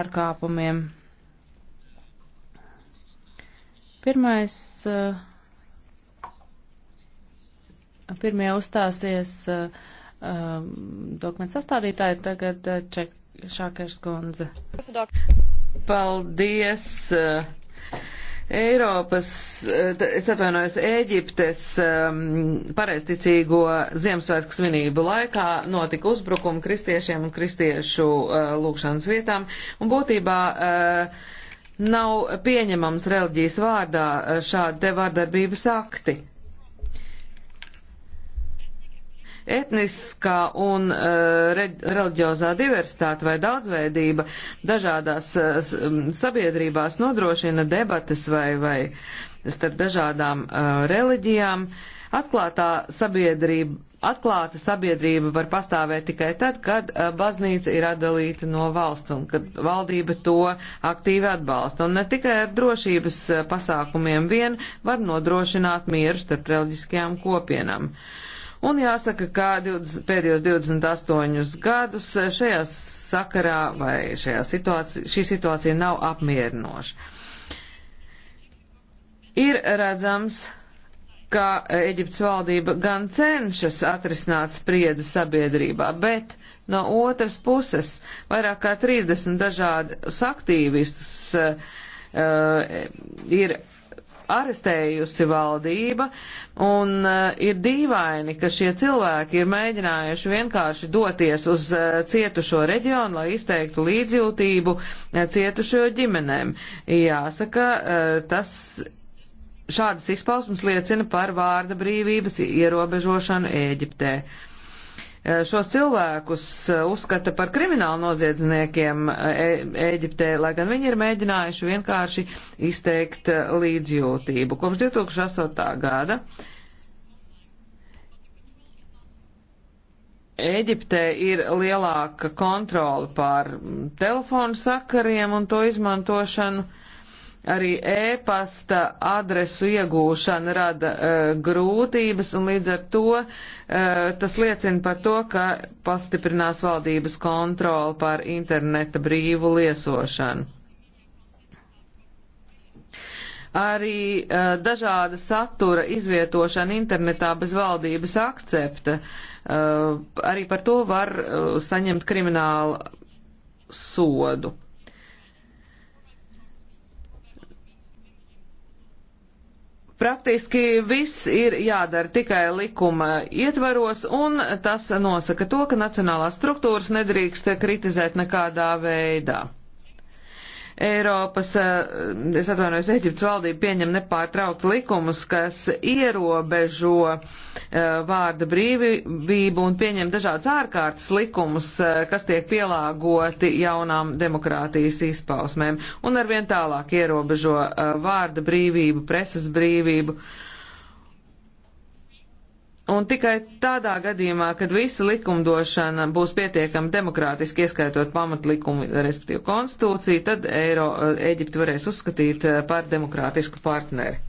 pārkāpumiem. Pirmais, eh, pirmie uzstāsies eh, eh, dokumentu sastādītāji, tagad Ček Šākers kundze. Paldies! Eiropas, eh, es atvainojos, Ēģiptes um, pareisticīgo Ziemassvētku svinību laikā notika uzbrukumi kristiešiem un kristiešu uh, eh, lūkšanas vietām, un būtībā uh, nav pieņemams reliģijas vārdā šādi te vārdarbības akti. Etniskā un uh, reliģiozā diversitāte vai daudzveidība dažādās uh, sabiedrībās nodrošina debatas vai, vai starp dažādām uh, reliģijām. Atklātā sabiedrība, atklāta sabiedrība var pastāvēt tikai tad, kad uh, baznīca ir atdalīta no valsts un kad valdība to aktīvi atbalsta. Un ne tikai ar drošības pasākumiem vien var nodrošināt mieru starp reliģiskajām kopienām. Uh, Un jāsaka, ka 20, pēdējos 28 gadus šajā sakarā vai šajā situācija, šī situācija nav apmierinoša. Ir redzams, ka Eģiptes valdība gan cenšas atrisināt spriedzi sabiedrībā, bet no otras puses vairāk kā 30 dažādus aktīvistus uh, ir arestējusi valdība, un eh, ir dīvaini, ka šie cilvēki ir mēģinājuši vienkārši doties uz eh, cietušo reģionu, lai izteiktu līdzjūtību eh, cietušo ģimenēm. Jāsaka, tas šādas izpausmas liecina par vārda brīvības ierobežošanu Ēģiptē. Eh, šos cilvēkus eh, uzskata par kriminālu noziedzniekiem eh, Ēģiptē, lai gan viņi ir mēģinājuši vienkārši izteikt līdzjūtību. Kopš 2008. gada Ēģiptē ir lielāka kontrola pār mm, telefonu sakariem un to izmantošanu Arī ēpasta e adresu iegūšana rada uh, grūtības, un līdz ar to uh, tas liecina par to, ka pastiprinās valdības kontroli pār interneta brīvu liesošanu. Arī uh, dažāda satura izvietošana internetā bez valdības akcepta. Uh, arī par to var uh, saņemt kriminālu sodu. Praktiski viss ir jādara tikai likuma ietvaros, un tas nosaka to, ka nacionālās struktūras nedrīkst kritizēt nekādā veidā. Eiropas, eh, es atvainojos, Eģiptes valdība pieņem nepārtraukt likumus, kas ierobežo eh, vārda brīvību un pieņem dažādas ārkārtas likumus, eh, kas tiek pielāgoti jaunām demokrātijas izpausmēm un arvien tālāk ierobežo vārda brīvību, presas brīvību. Uh, Un tikai tādā gadījumā, kad visa likumdošana būs pietiekami demokrātiski, ieskaitot pamatlikumu, respektīvi konstitūciju, tad Eiro eh, Eģipti varēs uzskatīt eh, par demokrātisku partneri.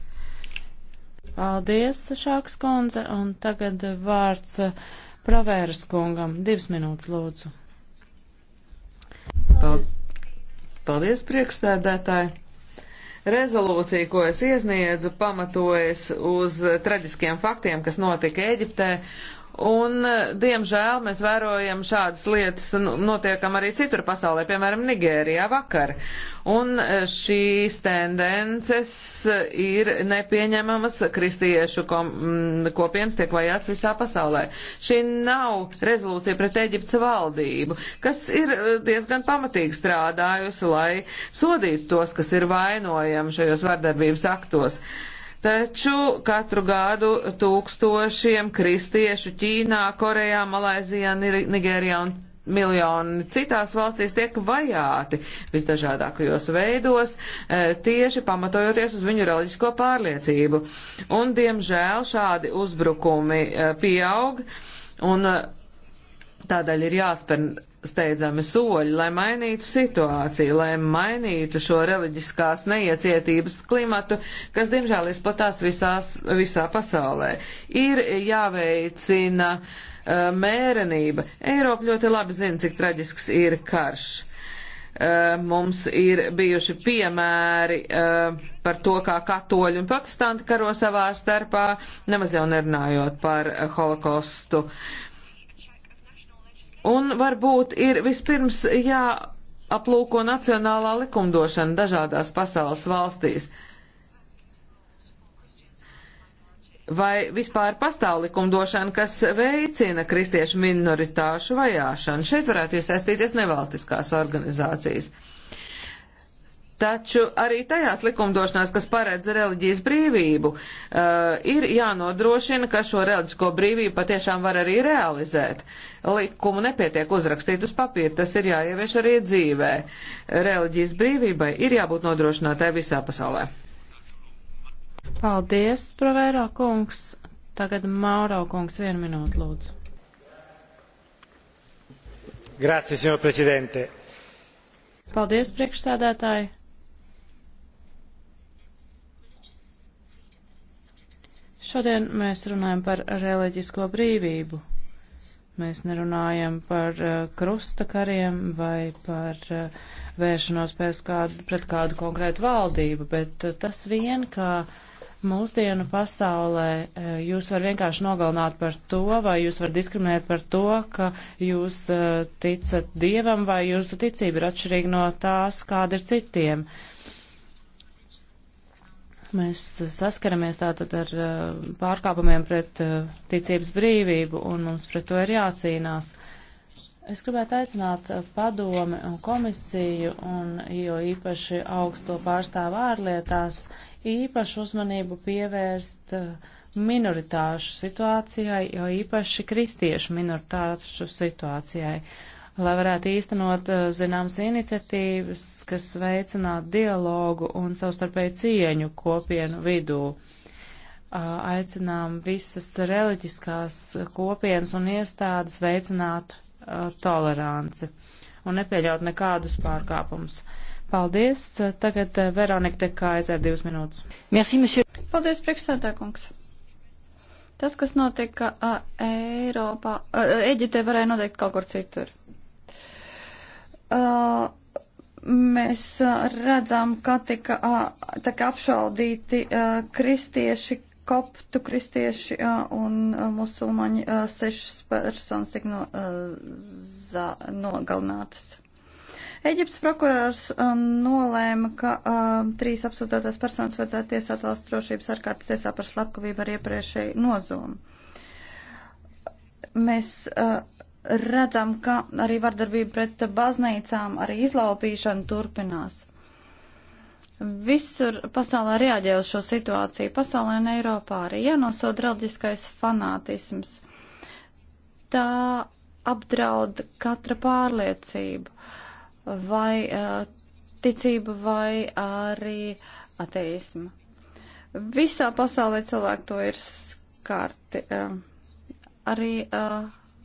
Paldies, Šāks kundze, un tagad vārds eh, Pravēras kungam. Divas minūtes, lūdzu. Paldies, Paldies priekšsēdētāji. Rezolūcija, ko es iesniedzu, pamatojas uz traģiskiem faktiem, kas notika Eģiptē, Un, eh, diemžēl, mēs vērojam šādas lietas nu, notiekam arī citur pasaulē, piemēram, Nigērijā vakar. Un eh, šīs tendences eh, ir nepieņemamas kristiešu kom, mm, kopienas tiek vajāts visā pasaulē. Šī nav rezolūcija pret Eģiptes valdību, kas ir diezgan pamatīgi strādājusi, lai sodītu tos, kas ir vainojami šajos vardarbības aktos. Uh, Taču katru gadu tūkstošiem kristiešu Ķīnā, Korejā, Malaizijā, Nigērijā un miljoni citās valstīs tiek vajāti visdažādākajos veidos, e, tieši pamatojoties uz viņu reliģisko pārliecību. Un, diemžēl, šādi uzbrukumi e, pieaug. Un e, Tādēļ ir jāspēr steidzami soļi, lai mainītu situāciju, lai mainītu šo reliģiskās neiecietības klimatu, kas, diemžēl, izplatās visās, visā pasaulē. Ir jāveicina uh, mērenība. Eiropa ļoti labi zina, cik traģisks ir karš. Uh, mums ir bijuši piemēri uh, par to, kā katoļi un protestanti karo savā starpā, nemaz jau nerunājot par holokaustu. Uh, Un varbūt ir vispirms jāaplūko nacionālā likumdošana dažādās pasaules valstīs. Vai vispār pastāv likumdošana, kas veicina kristiešu minoritāšu vajāšanu? Šeit varētu iesaistīties nevalstiskās organizācijas. Uh, Taču arī tajās likumdošanās, kas paredz reliģijas brīvību, uh, ir jānodrošina, ka šo reliģisko brīvību patiešām var arī realizēt. Likumu nepietiek uzrakstīt uz papīra, tas ir jāievieš arī dzīvē. Reliģijas brīvībai ir jābūt nodrošinātai visā pasaulē. Paldies, Provēro kungs. Tagad Mauro kungs vienu minūtu lūdzu. Grazie, signor Presidente. Paldies, priekšsēdētāji. Šodien mēs runājam par reliģisko brīvību. Mēs nerunājam par uh, krusta kariem vai par uh, vēršanos pēc kādu, pret kādu konkrētu valdību, bet uh, tas vien, ka mūsdienu pasaulē uh, jūs var vienkārši nogalināt par to, vai jūs var diskriminēt par to, ka jūs uh, ticat dievam, vai jūsu ticība ir atšķirīga no tās, kāda ir citiem. Uh, Mēs eh, saskaramies tātad ar eh, pārkāpumiem pret eh, ticības brīvību, un mums pret to ir jācīnās. Es gribētu aicināt padomi un komisiju, un jo īpaši augsto pārstāvu ārlietās, īpašu uzmanību pievērst minoritāšu situācijai, jo īpaši kristiešu minoritāšu situācijai. Uh, lai varētu īstenot eh, zināmas iniciatīvas, kas veicinātu dialogu un savstarpēju cieņu kopienu vidū. Aicinām visas reliģiskās kopienas un iestādes veicināt toleranci un nepieļaut nekādus pārkāpumus. Paldies. Tagad eh, Veronika Dekaizer divas minūtes. Merci, monsieur. Paldies, priekšsētākungs. Tas, kas notika Eiropā, Eģiptē varēja notikt kaut kur citur. Uh, mēs uh, redzam, ka tika, uh, tika apšaudīti uh, kristieši, koptu kristieši un musulmaņi sešas personas tika no, za, nogalinātas. Eģiptes prokurors nolēma, ka trīs apsūtotās personas vajadzētu tiesāt valsts drošības ārkārtas tiesā par slepkavību ar iepriekšēju nozomu. Mēs uh, redzam, ka arī vardarbība pret baznīcām, arī izlaupīšana turpinās. Visur pasaulē reaģē uz šo situāciju, pasaulē un Eiropā arī jānosod reliģiskais fanātisms. Tā apdraud katra pārliecību, vai uh, ticība, vai arī ateisma. Visā pasaulē cilvēki to ir skarti. Uh, arī uh,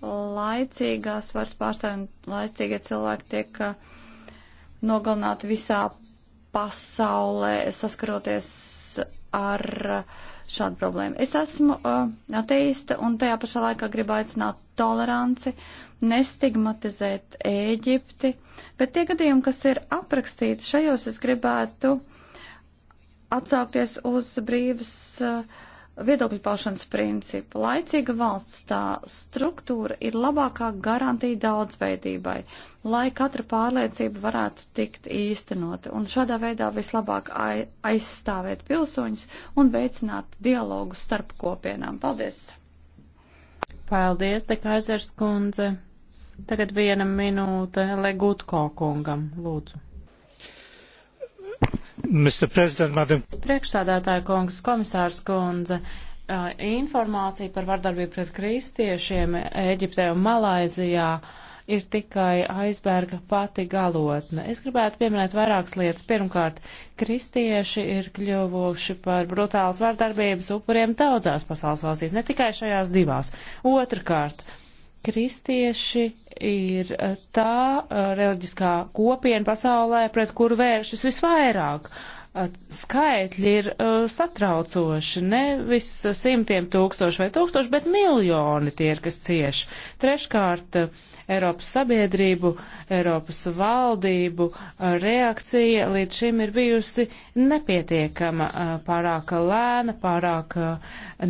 laicīgās varas pārstāvji un laicīgie cilvēki tiek uh, nogalināti visā pasaulē, saskaroties ar uh, šādu problēmu. Es esmu uh, ateista un tajā pašā laikā gribu aicināt toleranci, nestigmatizēt Ēģipti, bet tie gadījumi, kas ir aprakstīti šajos, es gribētu atsaukties uz brīvas. Uh, viedokļu paušanas principu. Laicīga valsts tā struktūra ir labākā garantija daudzveidībai, lai katra pārliecība varētu tikt īstenota un šādā veidā vislabāk aizstāvēt pilsoņus un veicināt dialogu starp kopienām. Paldies! Paldies, te Kaisers kundze! Tagad viena minūte Legutko kungam, lūdzu. Priekšsādātāja kungs, komisārs kundze, informācija par vardarbību pret kristiešiem Ēģiptē un Malaizijā ir tikai aizberga pati galotne. Es gribētu pieminēt vairākas lietas. Pirmkārt, kristieši ir kļuvuši par brutālas vardarbības upuriem daudzās pasaules valstīs, ne tikai šajās divās. Otrkārt, uh, Kristieši ir eh, tā eh, reliģiskā kopiena pasaulē, pret kuru vēršas visvairāk. Uh, skaitļi ir uh, satraucoši. Nevis simtiem tūkstoši vai tūkstoši, bet miljoni tie ir, kas cieš. Treškārt, uh, Eiropas sabiedrību, Eiropas valdību uh, reakcija līdz šim ir bijusi nepietiekama, uh, pārāk lēna, pārāk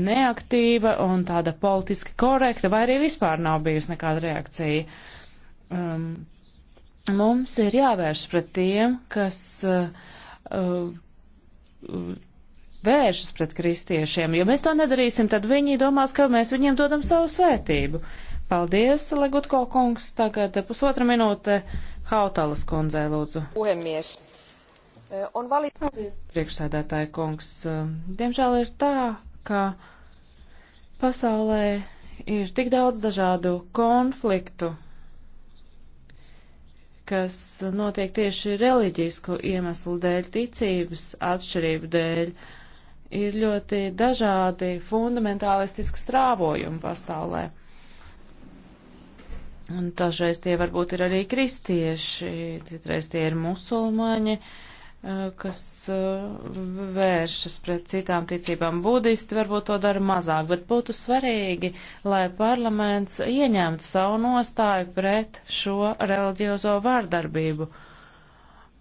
neaktīva un tāda politiski korekta, vai arī vispār nav bijusi nekāda reakcija. Um, mums ir jāvērš pret tiem, kas uh, uh, vēršas pret kristiešiem. Ja mēs to nedarīsim, tad viņi domās, ka mēs viņiem dodam savu svētību. Paldies, Legutko kungs. Tagad pusotra minūte Hautalas kundzei, lūdzu. Puhemies. Eh, on vali... Paldies, priekšsēdētāja kungs. Eh, diemžēl ir tā, ka pasaulē ir tik daudz dažādu konfliktu, kas notiek tieši reliģisku iemeslu dēļ, ticības atšķirību dēļ, ir ļoti dažādi fundamentālistiski strāvojumi pasaulē. Un dažreiz tie varbūt ir arī kristieši, citreiz tie ir musulmaņi, uh, Eh, kas eh, vēršas pret citām ticībām. Budisti varbūt to dara mazāk, bet būtu svarīgi, lai parlaments ieņemtu savu nostāju pret šo reliģiozo vārdarbību.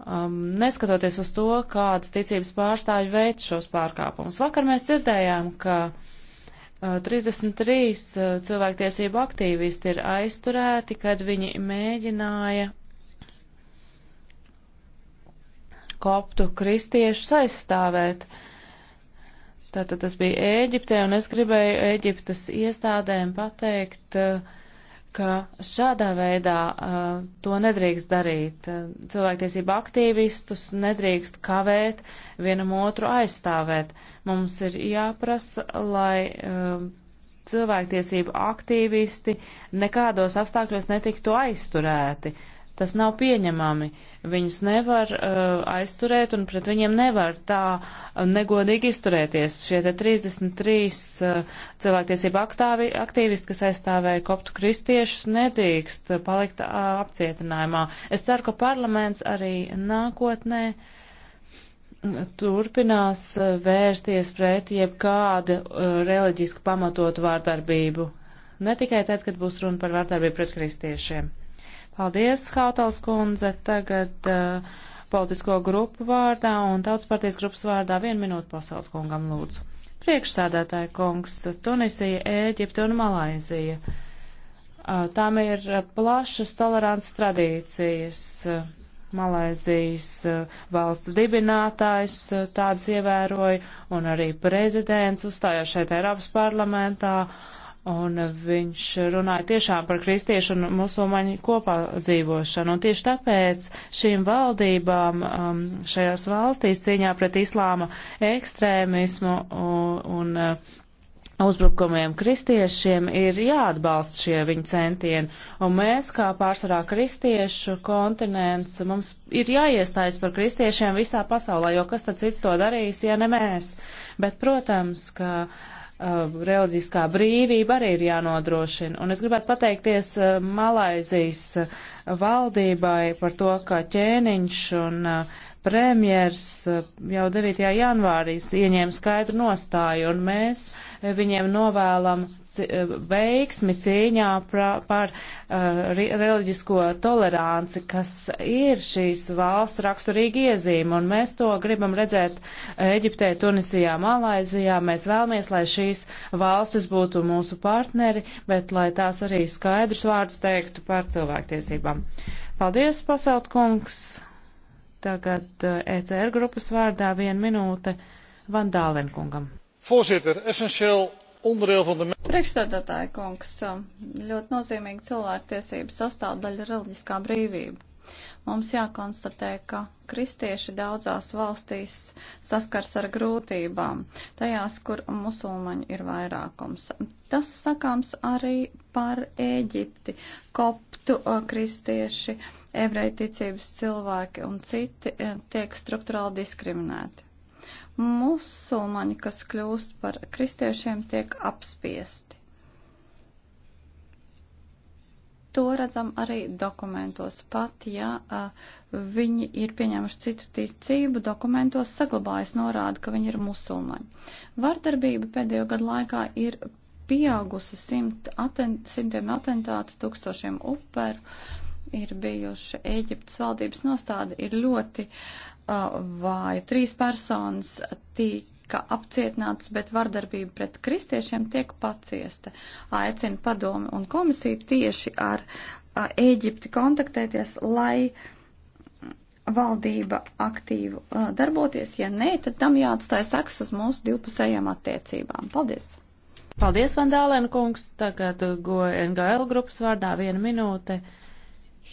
Um, neskatoties uz to, kādas ticības pārstāļi veic šos pārkāpumus. Vakar mēs dzirdējām, ka uh, 33 uh, cilvēktiesību aktīvisti ir aizturēti, kad viņi mēģināja koptu kristiešus aizstāvēt. Tātad tas bija Ēģiptē, un es gribēju Ēģiptes iestādēm pateikt, ka šādā veidā to nedrīkst darīt. Cilvēktiesība aktīvistus nedrīkst kavēt, vienam otru aizstāvēt. Mums ir jāprasa, lai cilvēktiesību aktīvisti nekādos apstākļos netiktu aizturēti. Tas nav pieņemami. Viņus nevar uh, aizturēt un pret viņiem nevar tā uh, negodīgi izturēties. Šie te 33 uh, cilvēktiesība aktāvi, aktīvisti, kas aizstāvēja koptu kristiešus, nedrīkst palikt uh, apcietinājumā. Es ceru, ka parlaments arī nākotnē mm, turpinās uh, vērsties pret jebkādu uh, reliģiski pamatotu vārdarbību. Ne tikai tad, kad būs runa par vārdarbību pret kristiešiem. Paldies, Hautals kundze. Tagad uh, politisko grupu vārdā un tautas partijas grupas vārdā vienu minūtu pasaut kungam lūdzu. Priekšsādātāja kungs, Tunisija, Ēģipte un Malaizija. Uh, tām ir plašas tolerants tradīcijas. Malaizijas uh, valsts dibinātājs uh, tādas ievēroja un arī prezidents uzstājās šeit Eiropas parlamentā Un viņš runāja tiešām par kristiešu un musulmaņu kopā dzīvošanu. Un tieši tāpēc šīm valdībām um, šajās valstīs cīņā pret islāma ekstrēmismu un, un uh, uzbrukumiem kristiešiem ir jāatbalsta šie viņu centieni. Un mēs, kā pārsvarā kristiešu kontinents, mums ir jāiestājas par kristiešiem visā pasaulē, jo kas tad cits to darīs, ja ne mēs. Bet, protams, ka. Uh, Uh, reliģiskā brīvība arī ir jānodrošina. Un es gribētu pateikties uh, Malaizijas uh, valdībai par to, ka ķēniņš un uh, premjers uh, jau 9. janvārī ieņēma skaidru nostāju, un mēs uh, viņiem novēlam e, veiksmi cīņā pra, par uh, reliģisko toleranci, kas ir šīs valsts raksturīgi iezīme, un mēs to gribam redzēt Eģiptē, Tunisijā, Malaizijā. Mēs vēlamies, lai šīs valstis būtu mūsu partneri, bet lai tās arī skaidrs vārdus teiktu par cilvēktiesībām. Paldies, pasautkungs! Tagad ECR e grupas vārdā viena minūte Vandālenkungam. Voorzitter, essentieel onderdeel van de. Priekšstādātāja kungs, ļoti nozīmīga cilvēktiesība sastāvdaļa reliģiskā brīvība. Mums jākonstatē, ka kristieši daudzās valstīs saskars ar grūtībām, tajās, kur musulmaņi ir vairākums. Tas sakāms arī par Ēģipti, koptu kristieši, ebreiticības cilvēki un citi e, tiek struktūrāli diskriminēti musulmaņi, kas kļūst par kristiešiem, tiek apspiesti. To redzam arī dokumentos. Pat ja a, viņi ir pieņēmuši citu ticību, dokumentos saglabājas norāda, ka viņi ir musulmaņi. Vardarbība pēdējo gadu laikā ir pieaugusi simt atent, simtiem atentātu, tūkstošiem uperu ir bijuši Ēģiptes valdības nostāda, ir ļoti vai trīs personas tika apcietinātas, bet vardarbība pret kristiešiem tiek paciesta. Aicina padomi un komisiju tieši ar Ēģipti kontaktēties, lai valdība aktīvi darboties. Ja nē, tad tam jāatstāja saks uz mūsu divpusējām attiecībām. Paldies! Paldies, Vandālēna kungs! Tagad go NGL grupas vārdā viena minūte.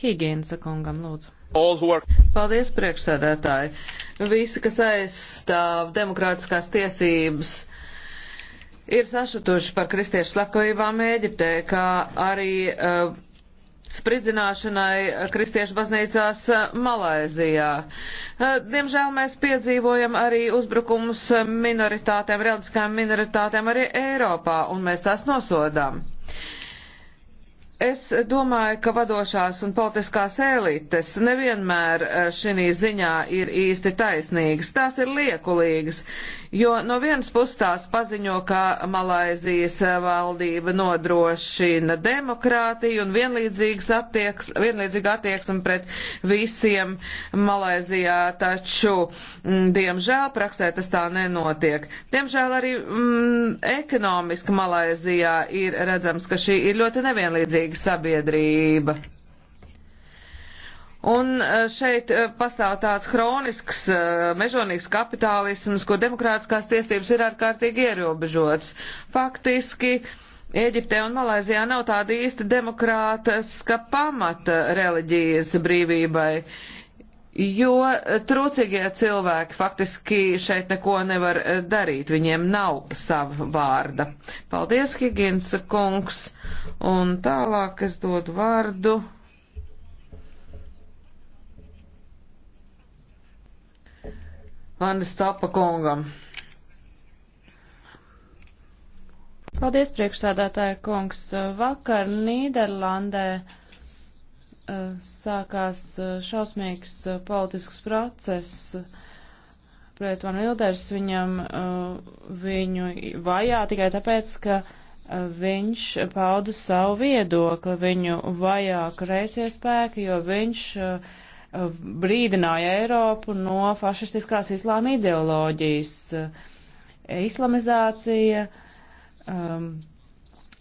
Higīnsa kungam lūdzu. Are... Paldies, priekšsēdētāji. Visi, kas aizstāv demokrātiskās tiesības, ir sašutuši par kristiešu slepkavībām Ēģiptē, kā arī uh, spridzināšanai kristiešu baznīcās eh, Malaizijā. Eh, diemžēl mēs piedzīvojam arī uzbrukums minoritātēm, reliģiskām minoritātēm arī Eiropā, un mēs tās nosodām. Es domāju, ka vadošās un politiskās elites nevienmēr eh, šī ziņā ir īsti taisnīgas. Tās ir liekulīgas, jo no vienas puses tās paziņo, ka Malaizijas eh, valdība nodrošina demokrātiju un attieks, vienlīdzīgu attieksmi pret visiem Malaizijā, taču, m, mm, diemžēl, praksē tas tā nenotiek. Diemžēl arī m, mm, ekonomiski Malaizijā ir redzams, ka šī ir ļoti nevienlīdzīga veselīga sabiedrība. Un e, šeit e, pastāv tāds hronisks e, mežonīgs kapitālisms, kur demokrātiskās tiesības ir ārkārtīgi ierobežotas. Faktiski Eģipte un Malaizijā nav tāda īsta demokrātiska pamata reliģijas brīvībai, jo eh, trūcīgie cilvēki faktiski šeit neko nevar eh, darīt, viņiem nav sava vārda. Paldies, Higins kungs, un tālāk es dodu vārdu. Vandis Tapa kungam. Paldies, priekšsādātāja kungs. Vakar Nīderlandē Eh, sākās eh, šausmīgs eh, politisks process pret Van Wilders. Viņam viņu vajā tikai tāpēc, ka viņš pauda savu viedokli, viņu vajā kreisie spēki, jo viņš brīdināja Eiropu no fašistiskās islāma ideoloģijas. Islamizācija, um,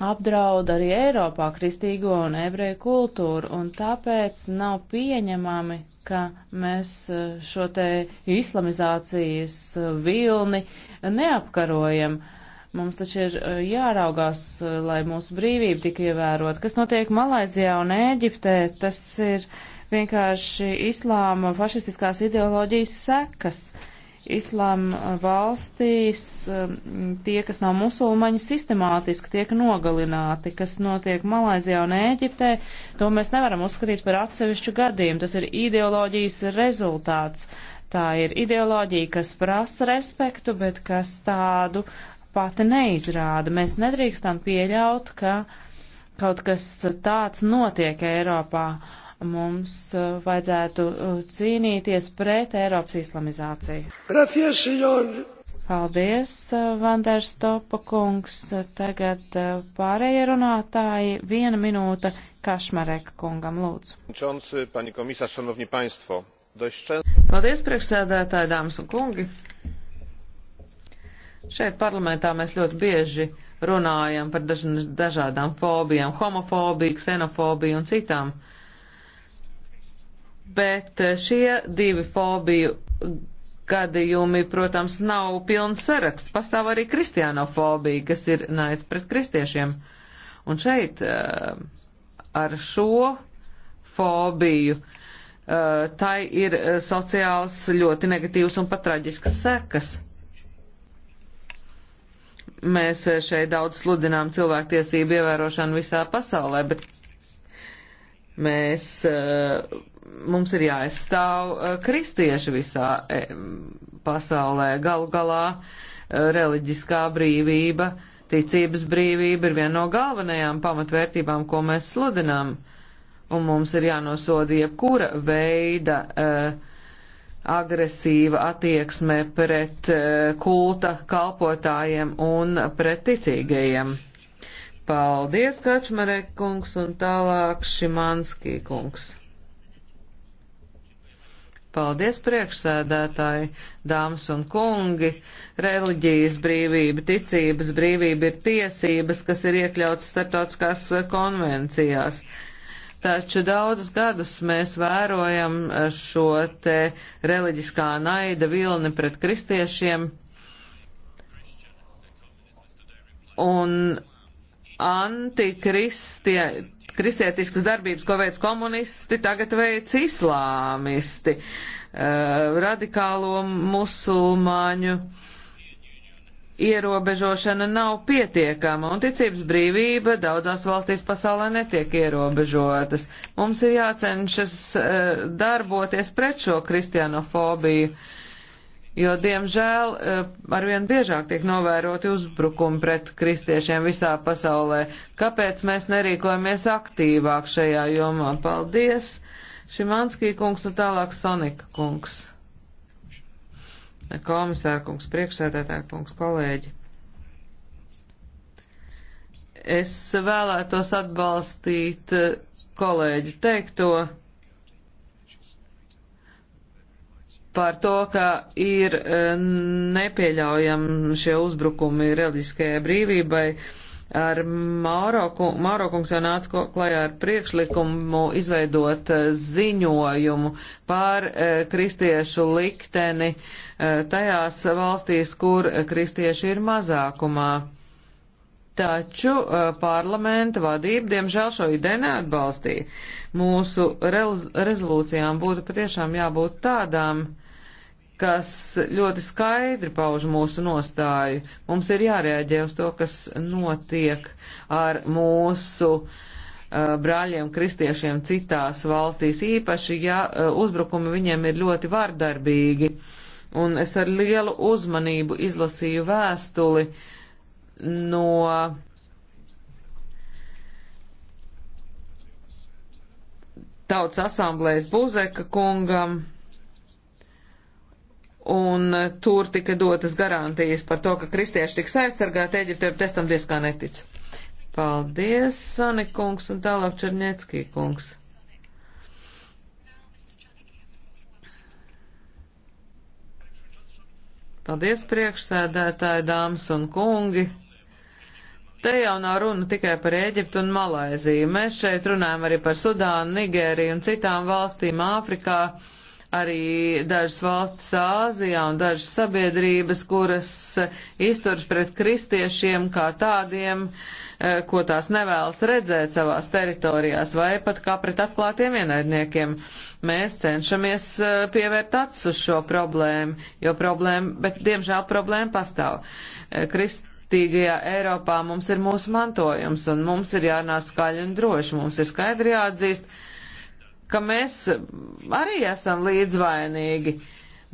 apdraud arī Eiropā kristīgo un ebreju kultūru, un tāpēc nav pieņemami, ka mēs eh, šo te islamizācijas eh, vilni neapkarojam. Mums taču ir eh, jāraugās, lai mūsu brīvība tik ievērot. Kas notiek Malaizijā un Ēģiptē, tas ir vienkārši islāma fašistiskās ideoloģijas sekas. Uh, islāma uh, valstīs um, tie, kas nav musulmaņi, sistemātiski tiek nogalināti, kas notiek Malaizijā un Ēģiptē, to mēs nevaram uzskatīt par atsevišķu gadījumu. Tas ir ideoloģijas rezultāts. Tā ir ideoloģija, kas prasa respektu, bet kas tādu pati neizrāda. Mēs nedrīkstam pieļaut, ka kaut kas tāds notiek Eiropā. Uh, Mums eh, vajadzētu eh, cīnīties pret Eiropas islamizāciju. Gracias, senor. Paldies, eh, Vanders Topa kungs. Tagad pārējie runātāji viena minūte Kašmareka kungam lūdzu. Paldies, priekšsēdētāji, dāmas un kungi. Šeit parlamentā mēs ļoti bieži runājam par daž dažādām fobijām, homofobiju, ksenofobiju un citām. Uh, bet eh, šie divi fobiju gadījumi, protams, nav pilns saraksts. Pastāv arī kristianofobija, kas ir naids pret kristiešiem. Un šeit eh, ar šo fobiju eh, tai ir sociāls ļoti negatīvs un pat traģisks sekas. Mēs šeit daudz sludinām cilvēktiesību ievērošanu visā pasaulē, bet mēs uh, mums ir jāaizstāv eh, kristieši visā eh, pasaulē. Galu galā eh, reliģiskā brīvība, ticības brīvība ir viena no galvenajām pamatvērtībām, ko mēs sludinām. Un mums ir jānosoda jebkura veida uh, agresīva attieksme pret uh, kulta kalpotājiem un pret ticīgajiem. Paldies, Kačmarek kungs, un tālāk Šimanskī kungs. Paldies priekšsēdētāji, dāmas un kungi. Reliģijas brīvība, ticības brīvība ir tiesības, kas ir iekļautas starptautiskās konvencijās. Taču daudzus gadus mēs vērojam šo te reliģiskā naida vilni pret kristiešiem. Un antikristie, kristietiskas darbības, ko veids komunisti, tagad veids islāmisti, eh, radikālo musulmaņu ierobežošana nav pietiekama, un ticības brīvība daudzās valstīs pasaulē netiek ierobežotas. Mums ir jācenšas eh, darboties pret šo kristianofobiju. Uh, jo, diemžēl, eh, arvien biežāk tiek novēroti uzbrukumi pret kristiešiem visā pasaulē. Kāpēc mēs nerīkojamies aktīvāk šajā jomā? Paldies! Šimanskī kungs un tālāk Sonika kungs. Komisāra kungs, priekšsēdētāja kungs, kolēģi. Es vēlētos atbalstīt eh, kolēģi teikto par to, ka ir e, nepieļaujami šie uzbrukumi reliģiskajai brīvībai. Ar Māro kungs jau nāca klajā ar priekšlikumu izveidot e, ziņojumu par e, kristiešu likteni tajās valstīs, kur kristieši ir mazākumā. Taču parlamenta vadība, diemžēl, šo ideju neatbalstīja. Mūsu rezolūcijām būtu patiešām jābūt tādām, uh, kas ļoti skaidri pauž mūsu nostāju. Mums ir jārēģē uz to, kas notiek ar mūsu uh, brāļiem kristiešiem citās valstīs, īpaši, ja uh, uzbrukumi viņiem ir ļoti vardarbīgi. Un es ar lielu uzmanību izlasīju vēstuli no Tautas asamblējas Buzeka kungam un eh, tur tika dotas garantijas par to, ka kristieši tiks aizsargāti Eģiptē, bet es tam diezgan neticu. Paldies, Sani kungs, un tālāk Černieckī kungs. Paldies, priekšsēdētāji, dāmas un kungi! Te jau nav runa tikai par Ēģiptu un Malaiziju. Mēs šeit runājam arī par Sudānu, Nigēriju un citām valstīm Āfrikā, arī dažas valstis Āzijā un dažas sabiedrības, kuras eh, izturs pret kristiešiem kā tādiem, eh, ko tās nevēlas redzēt savās teritorijās, vai pat kā pret atklātiem ienaidniekiem. Mēs cenšamies eh, pievērt acis uz šo problēmu, jo problēma, bet diemžēl problēma pastāv. Krist Tīgajā Eiropā mums ir mūsu mantojums, un mums ir jārunā skaļi un droši. Mums ir skaidri jāatzīst, ka mēs arī esam līdzvainīgi.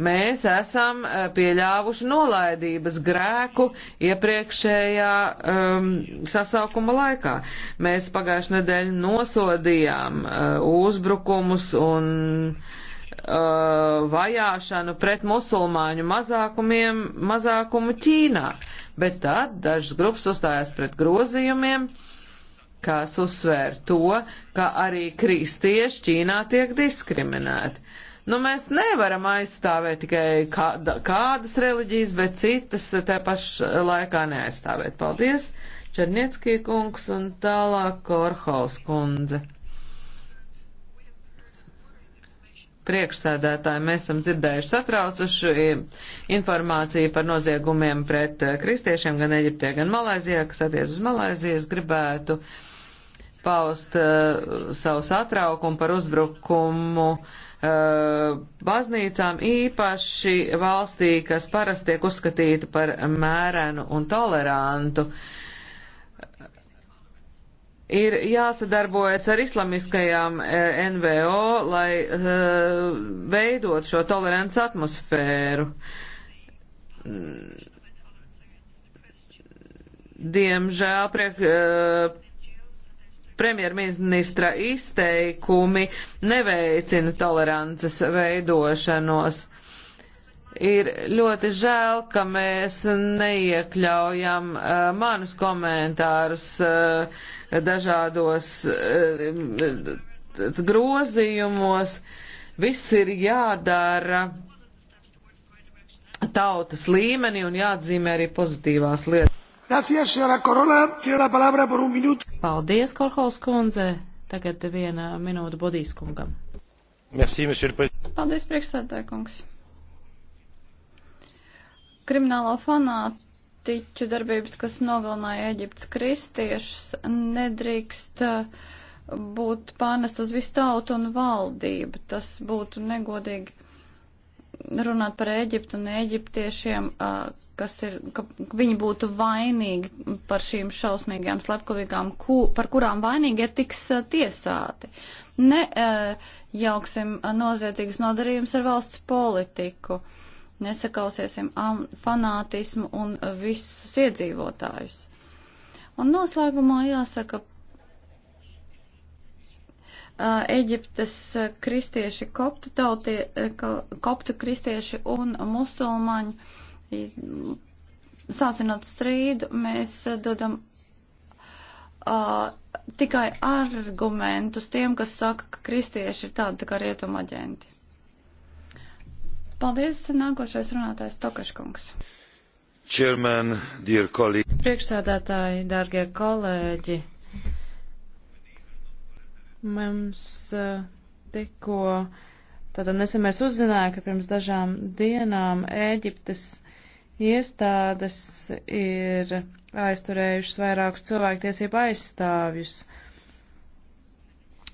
Mēs esam eh, pieļāvuši nolaidības grēku iepriekšējā um, sasaukuma laikā. Mēs pagājušajā nedēļā nosodījām uh, uzbrukumus un uh, vajāšanu pret musulmāņu mazākumiem, mazākumu Ķīnā, bet tad dažas grupas uzstājās pret grozījumiem. Uh, kas uzsvēra to, ka arī kristieši Ķīnā tiek diskriminēti. Nu, mēs nevaram aizstāvēt tikai kāda, kādas reliģijas, bet citas te pašā laikā neaizstāvēt. Paldies, Černieckī kungs un tālāk Korhaus kundze. priekšsēdētāji, mēs esam dzirdējuši satraucuši informāciju par noziegumiem pret kristiešiem gan Eģiptē, gan Malaizijā, kas attiec uz Malaizijas, gribētu uh, paust uh, savu satraukumu par uzbrukumu uh, baznīcām, īpaši valstī, kas parasti tiek uzskatīta par mērenu un tolerantu. Ir jāsadarbojas ar islamiskajām uh, eh, NVO, lai uh, veidot šo tolerants atmosfēru. Diemžēl priek, uh, premjerministra izteikumi neveicina tolerances veidošanos. Ir ļoti žēl, ka mēs neiekļaujam uh, manus komentārus uh, dažādos uh, grozījumos. Viss ir jādara tautas līmenī un jāatzīmē arī pozitīvās lietas. Gracias, señora Corola. Tiene la palabra por un minūti. Paldies, Korhols kundze. Tagad viena minūte Bodīs kungam. Merci, monsieur le président. Paldies, priekšsēdētāj kungs. Kriminālo fanātu tiķu darbības, kas nogalināja Eģiptes kristiešus, nedrīkst uh, būt pārnest uz visu tautu un valdību. Tas būtu negodīgi runāt par Ēģiptu un Ēģiptiešiem, kas ir, ka viņi būtu vainīgi par šīm šausmīgajām slepkavīgām, ku, par kurām vainīgie tiks tiesāti. Ne jauksim noziedzīgas nodarījums ar valsts politiku, nesakausiesim fanātismu un visus iedzīvotājus. Un noslēgumā jāsaka, Eģiptes kristieši, koptu, tautie, koptu kristieši un musulmaņi. Sācinot strīdu, mēs dodam uh, tikai argumentus tiem, kas saka, ka kristieši ir tādi tā kā rietuma aģenti. Paldies, nākošais runātājs Tokaškungs. Chairman, dear colleague. Priekšsēdētāji, dārgie kolēģi Mums eh, tikko, tātad nesen mēs uzzinājām, ka pirms dažām dienām Ēģiptes iestādes ir aizturējušas vairākus cilvēktiesību aizstāvjus.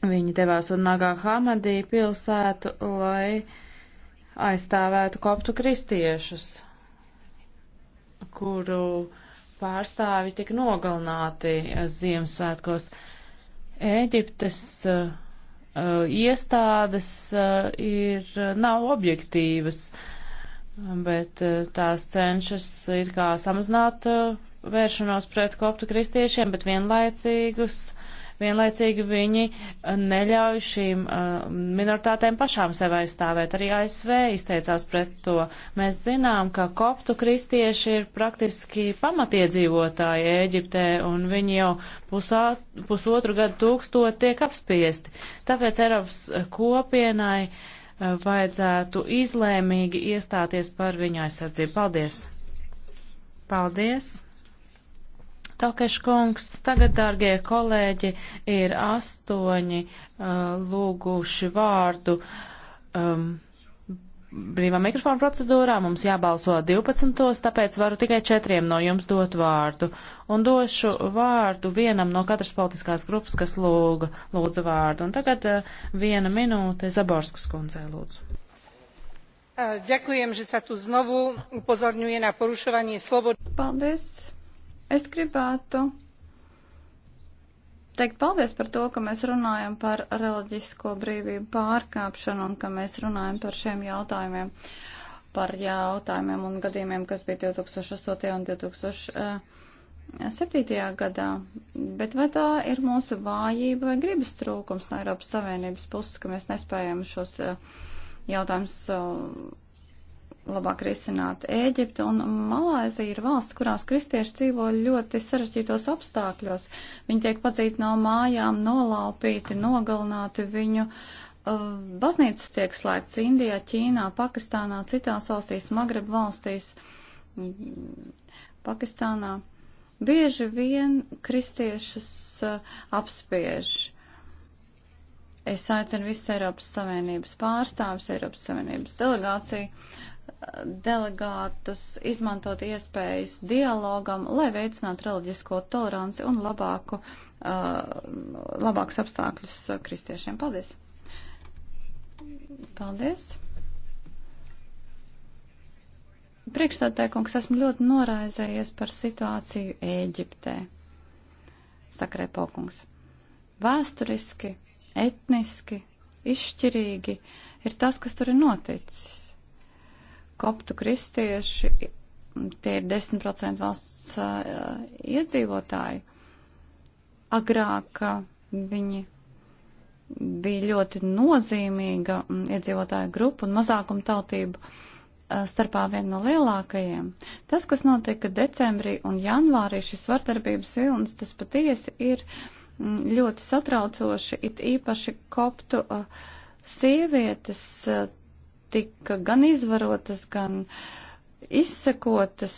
Viņi devās uz Nagā Hamadī pilsētu, lai aizstāvētu koptu kristiešus, kuru pārstāvi tika nogalināti Ziemassvētkos. Uh, Ēģiptes uh, uh, iestādes uh, ir, uh, nav objektīvas, bet uh, tās cenšas ir kā samazināt uh, vēršanos pret koptu kristiešiem, bet vienlaicīgus vienlaicīgi viņi eh, neļauj šīm uh, minoritātēm pašām sev aizstāvēt. Arī ASV izteicās pret to. Mēs zinām, ka koptu kristieši ir praktiski pamatiedzīvotāji Ēģiptē, un viņi jau pusā, pusotru gadu tūkstot tiek apspiesti. Tāpēc Eiropas kopienai uh, vajadzētu izlēmīgi iestāties par viņu aizsardzību. Paldies! Paldies! Tokeš kungs, tagad, dārgie kolēģi, ir astoņi uh, lūguši vārdu. Um, brīvā mikrofona procedūrā mums jābalso 12, tāpēc varu tikai četriem no jums dot vārdu. Un došu vārdu vienam no katras politiskās grupas, kas lūga, lūdza vārdu. Un tagad uh, viena minūte Zaborskas kundzei lūdzu. Ďakujem, že sa tu znovu upozorňuje na porušovanie slobody. Paldies. Es gribētu teikt paldies par to, ka mēs runājam par reliģisko brīvību pārkāpšanu un ka mēs runājam par šiem jautājumiem, par jautājumiem un gadījumiem, kas bija 2008. un 2007. gadā. Bet vai tā ir mūsu vājība vai gribas trūkums no Eiropas Savienības puses, ka mēs nespējam šos eh, jautājumus eh, labāk risināt. Ēģipte un Malāzija ir valsts, kurās kristieši dzīvo ļoti sarežģītos apstākļos. Viņi tiek padzīti no mājām, nolaupīti, nogalināti viņu. Uh, baznīcas tiek slēgts Indijā, Ķīnā, Pakistānā, citās valstīs, Magreb valstīs, Pakistānā. Bieži vien kristiešus uh, apspiež. Es aicinu visus Eiropas Savienības pārstāvis, Eiropas Savienības delegāciju delegātus izmantot iespējas dialogam, lai veicinātu reliģisko toleranci un labāku, uh, labākus apstākļus kristiešiem. Paldies! Paldies! Priekšstādēkungs, esmu ļoti noraizējies par situāciju Ēģiptē, sakarē pokungs. Vēsturiski, etniski, izšķirīgi ir tas, kas tur ir noticis koptu kristieši, tie ir 10% valsts uh, iedzīvotāji. Agrāk viņi bija ļoti nozīmīga iedzīvotāju grupa un mazākuma tautību starpā viena no lielākajiem. Tas, kas notika decembrī un janvārī, šis vardarbības vilnis, tas patiesi ir ļoti satraucoši, it īpaši koptu uh, sievietes, tika gan izvarotas, gan izsekotas,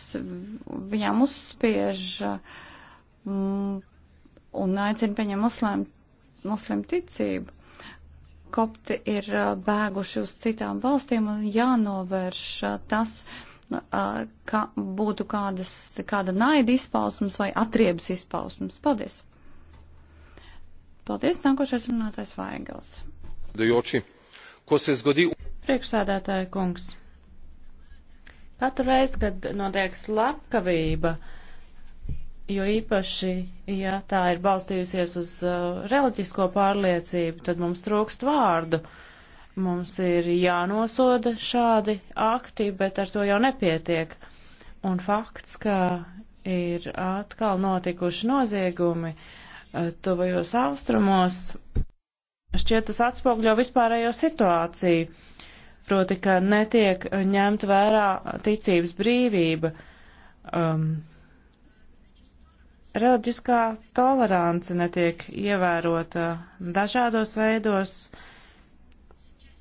viņām uzspiež mm, un aicina pieņemt muslim, muslim ticību. Kopti ir bēguši uz citām valstīm un jānovērš tas, ka būtu kādas, kāda naida izpausmas vai atriebas izpausmas. Paldies! Paldies, nākošais runātais Vaigels. Dojoči, ko se zgodi? Priekšsādātāja kungs, katru reizi, kad notiek slepkavība, jo īpaši, ja tā ir balstījusies uz uh, reliģisko pārliecību, tad mums trūkst vārdu. Mums ir jānosoda šādi akti, bet ar to jau nepietiek. Un fakts, ka ir atkal notikuši noziegumi uh, tuvajos austrumos, šķiet tas atspogļo vispārējo situāciju proti, ka netiek ņemt vērā ticības brīvība. Um, reliģiskā tolerance netiek ievērota dažādos veidos,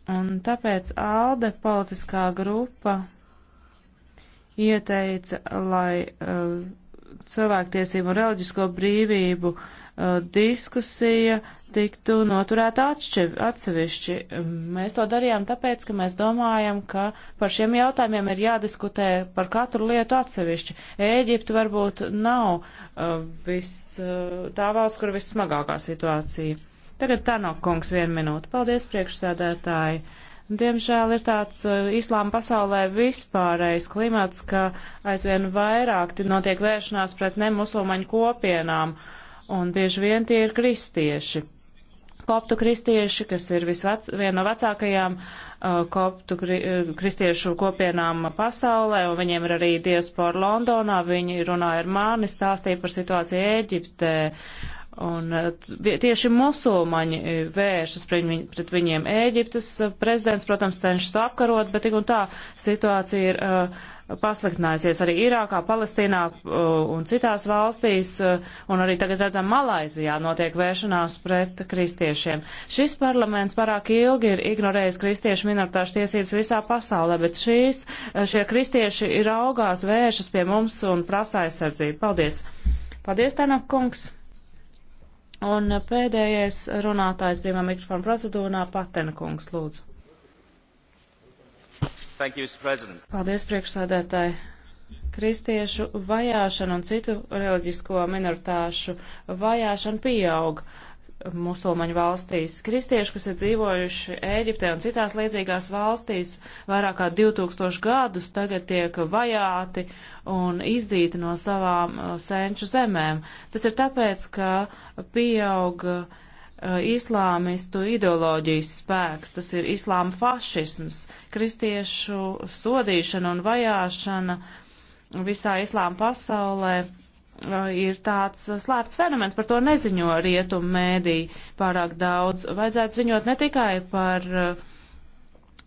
un tāpēc ALDE politiskā grupa ieteica, lai uh, cilvēktiesību un reliģisko brīvību uh, diskusija uh, tiktu noturēta atsevišķi. Mēs to darījām tāpēc, ka mēs domājam, ka par šiem jautājumiem ir jādiskutē par katru lietu atsevišķi. Ēģipte varbūt nav uh, vis, uh, tā valsts, kur vissmagākā situācija. Tagad tā nav kungs vienu minūtu. Paldies, priekšsēdētāji. Diemžēl ir tāds uh, islāma pasaulē vispārējais klimats, ka aizvien vairāk notiek vēršanās pret nemusulmaņu kopienām, un bieži vien tie ir kristieši koptu kristieši, kas ir visvec, viena no vecākajām uh, koptu kri, uh, kristiešu kopienām pasaulē, un viņiem ir arī diaspora Londonā. Viņi runāja ar mani, stāstīja par situāciju Ēģiptē. Un uh, tieši musulmaņi uh, vēršas pret, viņ, pret viņiem. Ēģiptes prezidents, protams, cenšas to apkarot, bet tik un tā situācija ir. Uh, pasliktinājusies arī Irākā, Palestīnā uh, un citās valstīs, uh, un arī tagad redzam Malaizijā notiek vēršanās pret kristiešiem. Šis parlaments pārāk ilgi ir ignorējis kristiešu minoritāšu tiesības visā pasaulē, bet šīs, uh, šie kristieši ir augās vēršas pie mums un prasa aizsardzību. Paldies! Paldies, Tanak kungs! Un pēdējais runātājs brīvā mikrofona procedūrā Patena kungs, lūdzu. You, Paldies, priekšsādētāji. Kristiešu vajāšana un citu reliģisko minoritāšu vajāšana pieaug musulmaņu valstīs. Kristieši, kas ir dzīvojuši Ēģiptē un citās līdzīgās valstīs vairāk kā 2000 gadus, tagad tiek vajāti un izdzīti no savām uh, senču zemēm. Tas ir tāpēc, ka pieauga Uh, islāmistu ideoloģijas spēks, tas ir islāma fašisms, kristiešu sodīšana un vajāšana visā islāma pasaulē uh, ir tāds slēpts fenomens, par to neziņo rietumu mēdī pārāk daudz. Vajadzētu ziņot ne tikai par uh,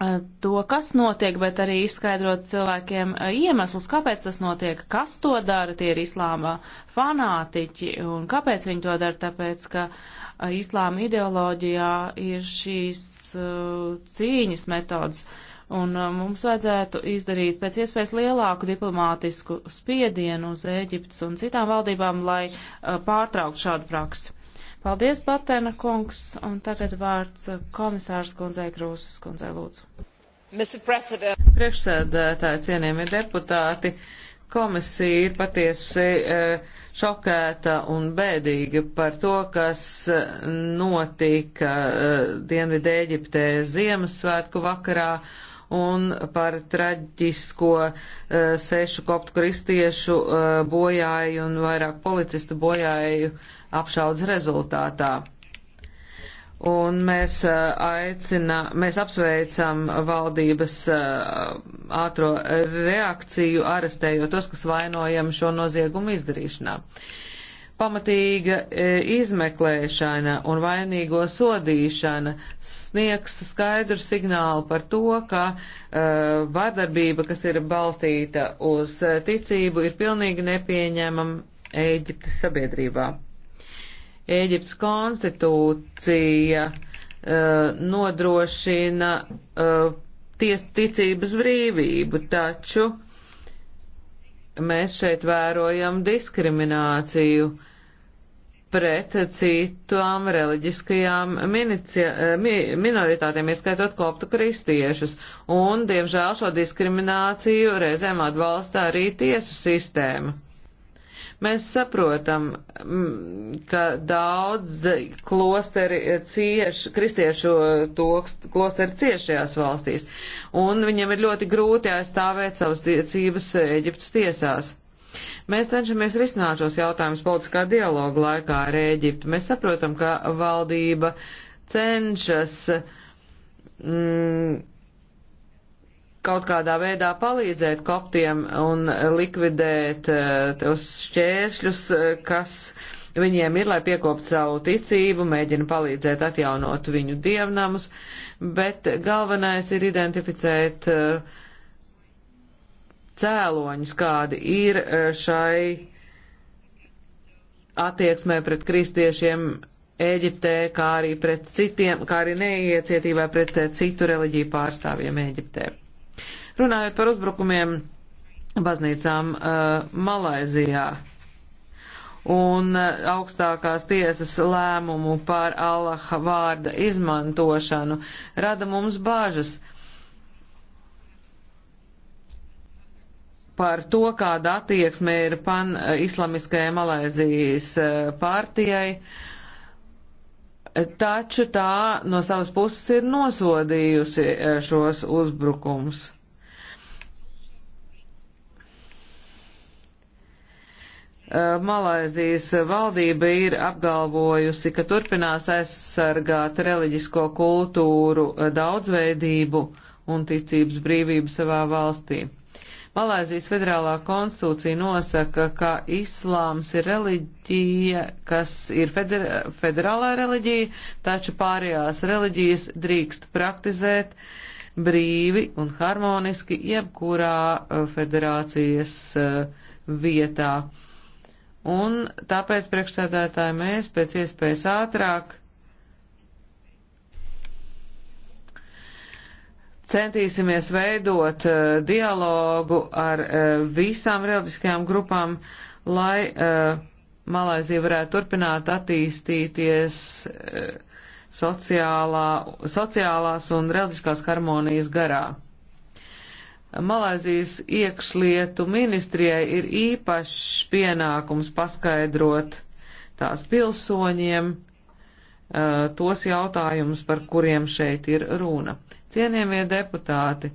Eh, to, kas notiek, bet arī izskaidrot cilvēkiem eh, iemeslus, kāpēc tas notiek, kas to dara, tie ir islāma fanātiķi un kāpēc viņi to dara, tāpēc, ka eh, islāma ideoloģijā ir šīs uh, cīņas metodas. Un uh, mums vajadzētu izdarīt pēc iespējas lielāku diplomātisku spiedienu uz Ēģiptes un citām valdībām, lai uh, pārtrauktu šādu praksi. Paldies, Batēna kungs, un tagad vārds komisārs kundzei Krūzes kundzei lūdzu. Priekšsēdētāji, cienījamie deputāti, komisija ir patiesi e, šokēta un bēdīga par to, kas e, notika e, Dienvidē Eģiptē Ziemassvētku vakarā un par traģisko uh, sešu koptu kristiešu uh, eh, bojāju un vairāk policistu bojāju apšaudas rezultātā. Un mēs uh, aicina, mēs apsveicam valdības ātro reakciju, arestējot tos, kas vainojam šo noziegumu izdarīšanā. Uh, pamatīga e, izmeklēšana un vainīgo sodīšana sniegs skaidru signālu par to, ka uh, vardarbība, kas ir balstīta uz ticību, ir pilnīgi nepieņemama Ēģiptes sabiedrībā. Ēģiptes konstitūcija uh, nodrošina uh, ties, ticības brīvību, taču mēs šeit vērojam diskrimināciju uh, pret citām reliģiskajām eh, minoritātēm, ieskaitot koptu kristiešus. Un, diemžēl, šo diskrimināciju reizēm atbalsta arī tiesu sistēma. Mēs saprotam, mm, ka daudz klosteri cieš, kristiešu tokst, klosteri ciešajās valstīs, un viņiem ir ļoti grūti aizstāvēt savas tiecības Eģiptes tiesās. Mēs cenšamies risināt šos jautājumus politiskā dialoga laikā ar Ēģiptu. Mēs saprotam, ka valdība cenšas mm, kaut kādā veidā palīdzēt koptiem un likvidēt eh, tos šķēršļus, eh, kas viņiem ir, lai piekoptu savu ticību, mēģina palīdzēt atjaunot viņu dievnamus, bet galvenais ir identificēt uh, cēloņus, kādi ir e, šai attieksmē pret kristiešiem Ēģiptē, kā arī pret citiem, kā arī neiecietībai pret e, citu reliģiju pārstāvjiem Ēģiptē. Runājot par uzbrukumiem baznīcām uh, Malaizijā un augstākās tiesas lēmumu par Allaha vārda izmantošanu rada mums bāžas. Uh, par to, kāda attieksme ir pan-islamiskajai eh, Malaizijas eh, partijai, taču tā no savas puses ir nosodījusi eh, šos uzbrukums. Malaizijas valdība ir apgalvojusi, ka turpinās aizsargāt reliģisko kultūru daudzveidību un ticības brīvību savā valstī. Malēzijas federālā konstitūcija nosaka, ka islāms ir reliģija, kas ir feder federālā reliģija, taču pārējās reliģijas drīkst praktizēt brīvi un harmoniski jebkurā uh, federācijas uh, vietā. Un tāpēc priekšsēdētāji mēs pēc iespējas ātrāk Centīsimies veidot uh, dialogu ar uh, visām reliģiskajām grupām, lai uh, Malaizija varētu turpināt attīstīties sociālā, sociālās un reliģiskās harmonijas garā. Malaizijas iekšlietu ministrijai ir īpašs pienākums paskaidrot tās pilsoņiem uh, tos jautājumus, par kuriem šeit ir runa. Cienījamie deputāti,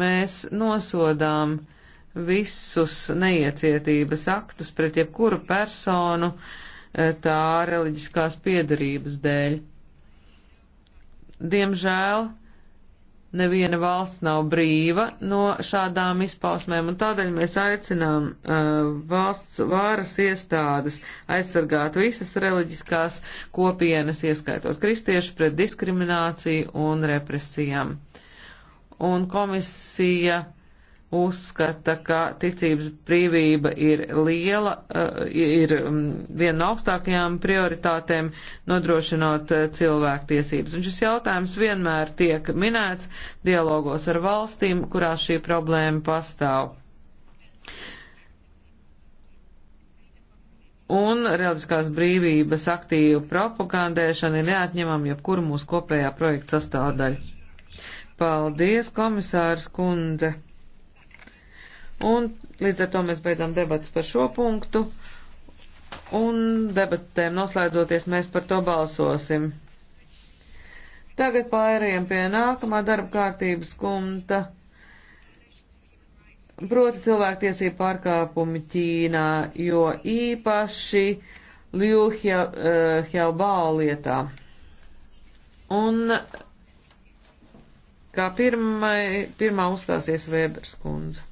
mēs nosodām visus neiecietības aktus pret jebkuru personu eh, tā reliģiskās piedarības dēļ. Diemžēl neviena valsts nav brīva no šādām izpausmēm, un tādēļ mēs aicinām uh, valsts vāras iestādes aizsargāt visas reliģiskās kopienas, ieskaitot kristiešu pret diskrimināciju un represijām. Un komisija uh, uzskata, ka ticības brīvība ir liela, eh, ir mm, viena no augstākajām prioritātēm nodrošinot eh, cilvēktiesības. Un šis jautājums vienmēr tiek minēts dialogos ar valstīm, kurā šī problēma pastāv. Un reliģiskās brīvības aktīvu propagandēšana ir neatņemama jebkuru mūsu kopējā projekta sastāvdaļa. Paldies, komisārs Kundze! Un līdz ar to mēs beidzam debatas par šo punktu. Un debatēm noslēdzoties mēs par to balsosim. Tagad pārējiem pie nākamā darba kārtības kumta. Proti cilvēktiesību pārkāpumi Ķīnā, jo īpaši Liu Hjaubao eh, lietā. Un kā pirmai, pirmā uzstāsies Vēbers kundze.